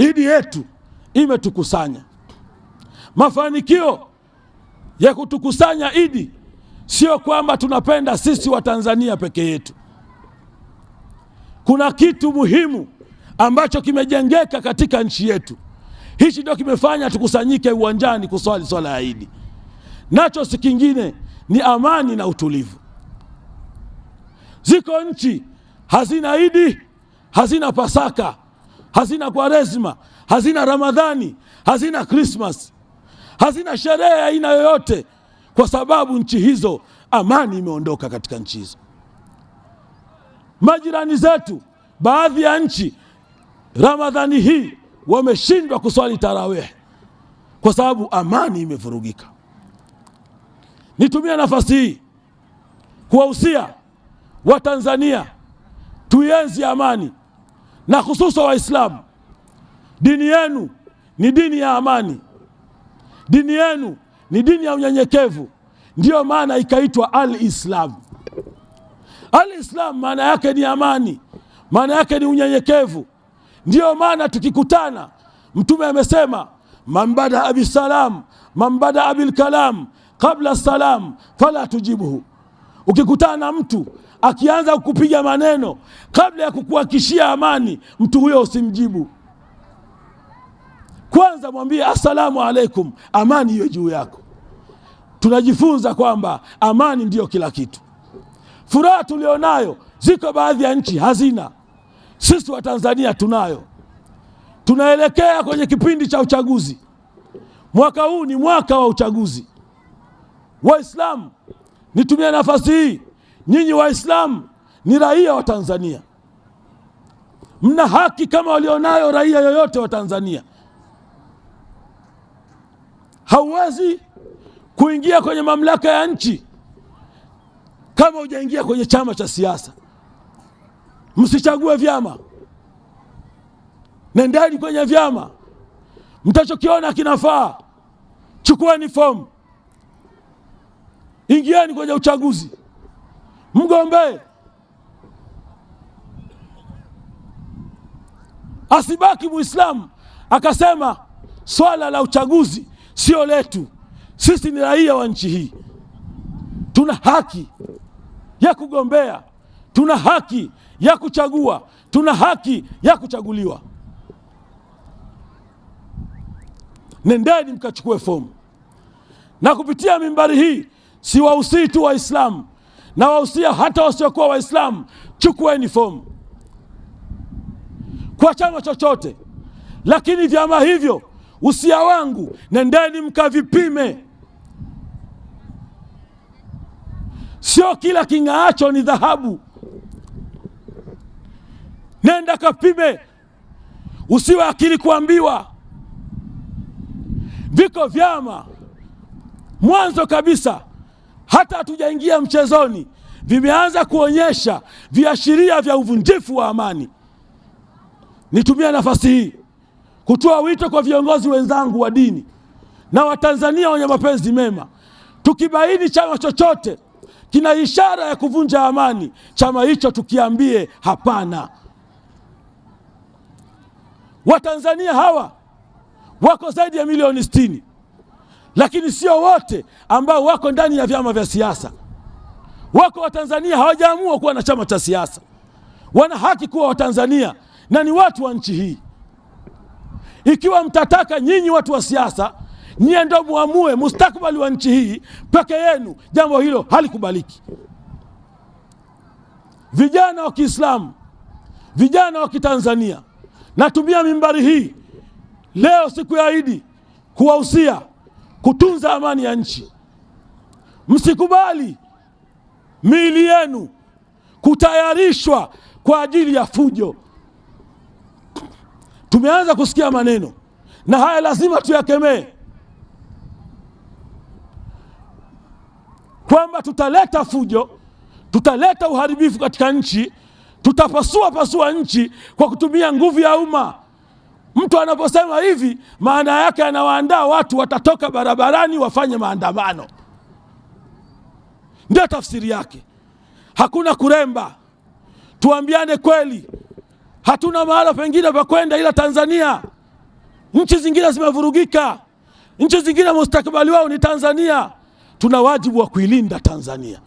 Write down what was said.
Idi yetu imetukusanya. Mafanikio ya kutukusanya Idi sio kwamba tunapenda sisi Watanzania peke yetu. Kuna kitu muhimu ambacho kimejengeka katika nchi yetu. Hichi ndio kimefanya tukusanyike uwanjani kuswali swala ya Idi, nacho si kingine, ni amani na utulivu. Ziko nchi hazina Idi, hazina Pasaka, hazina Kwaresma, hazina Ramadhani, hazina Krismas, hazina sherehe ya aina yoyote, kwa sababu nchi hizo amani imeondoka katika nchi hizo. Majirani zetu, baadhi ya nchi, Ramadhani hii wameshindwa kuswali tarawih kwa sababu amani imevurugika. Nitumie nafasi hii kuwahusia Watanzania tuienzi amani na hususa Waislamu, dini yenu ni dini ya amani, dini yenu ni dini ya unyenyekevu. Ndiyo maana ikaitwa al-Islam. Al-Islam maana yake ni amani, maana yake ni unyenyekevu. Ndiyo maana tukikutana, Mtume amesema mambada badaa mambada abilkalam qabla kabla salam fala tujibuhu. Ukikutana mtu akianza kukupiga maneno kabla ya kukuhakishia amani, mtu huyo usimjibu. Kwanza mwambie assalamu alaikum, amani iwe juu yako. Tunajifunza kwamba amani ndiyo kila kitu. Furaha tulionayo, ziko baadhi ya nchi hazina, sisi Watanzania tunayo. Tunaelekea kwenye kipindi cha uchaguzi. Mwaka huu ni mwaka wa uchaguzi. Waislamu, nitumie nafasi hii Nyinyi Waislamu ni raia wa Tanzania, mna haki kama walionayo raia yoyote wa Tanzania. Hauwezi kuingia kwenye mamlaka ya nchi kama hujaingia kwenye chama cha siasa. Msichague vyama, nendeni kwenye vyama mtachokiona kinafaa. Chukueni fomu, ingieni kwenye uchaguzi mgombee, asibaki Muislamu akasema swala la uchaguzi sio letu. Sisi ni raia wa nchi hii, tuna haki ya kugombea, tuna haki ya kuchagua, tuna haki ya kuchaguliwa. Nendeni mkachukue fomu. Na kupitia mimbari hii siwahusii tu Waislamu, na hata wasiokuwa Waislamu, chukueni fomu kwa chama chochote, lakini vyama hivyo, usia wangu, nendeni mkavipime. Sio kila king'aacho ni dhahabu. Nenda kapime, usiwe akili kuambiwa. Viko vyama mwanzo kabisa hata hatujaingia mchezoni, vimeanza kuonyesha viashiria vya uvunjifu wa amani. Nitumie nafasi hii kutoa wito kwa viongozi wenzangu wa dini na Watanzania wenye mapenzi mema, tukibaini chama chochote kina ishara ya kuvunja amani, chama hicho tukiambie hapana. Watanzania hawa wako zaidi ya milioni sitini lakini sio wote ambao wako ndani ya vyama vya siasa. Wako Watanzania hawajaamua kuwa na chama cha siasa, wana haki kuwa Watanzania na ni watu wa nchi hii. Ikiwa mtataka nyinyi watu wa siasa, nyie ndio muamue mustakbali wa nchi hii peke yenu, jambo hilo halikubaliki. Vijana wa Kiislamu, vijana wa Kitanzania, natumia mimbari hii leo siku ya Idi kuwahusia kutunza amani ya nchi. Msikubali miili yenu kutayarishwa kwa ajili ya fujo. Tumeanza kusikia maneno na haya lazima tuyakemee, kwamba tutaleta fujo, tutaleta uharibifu katika nchi, tutapasua pasua nchi kwa kutumia nguvu ya umma. Mtu anaposema hivi, maana yake anawaandaa watu watatoka barabarani wafanye maandamano. Ndio tafsiri yake, hakuna kuremba. Tuambiane kweli, hatuna mahala pengine pa kwenda ila Tanzania. Nchi zingine zimevurugika, nchi zingine mustakbali wao ni Tanzania. Tuna wajibu wa kuilinda Tanzania.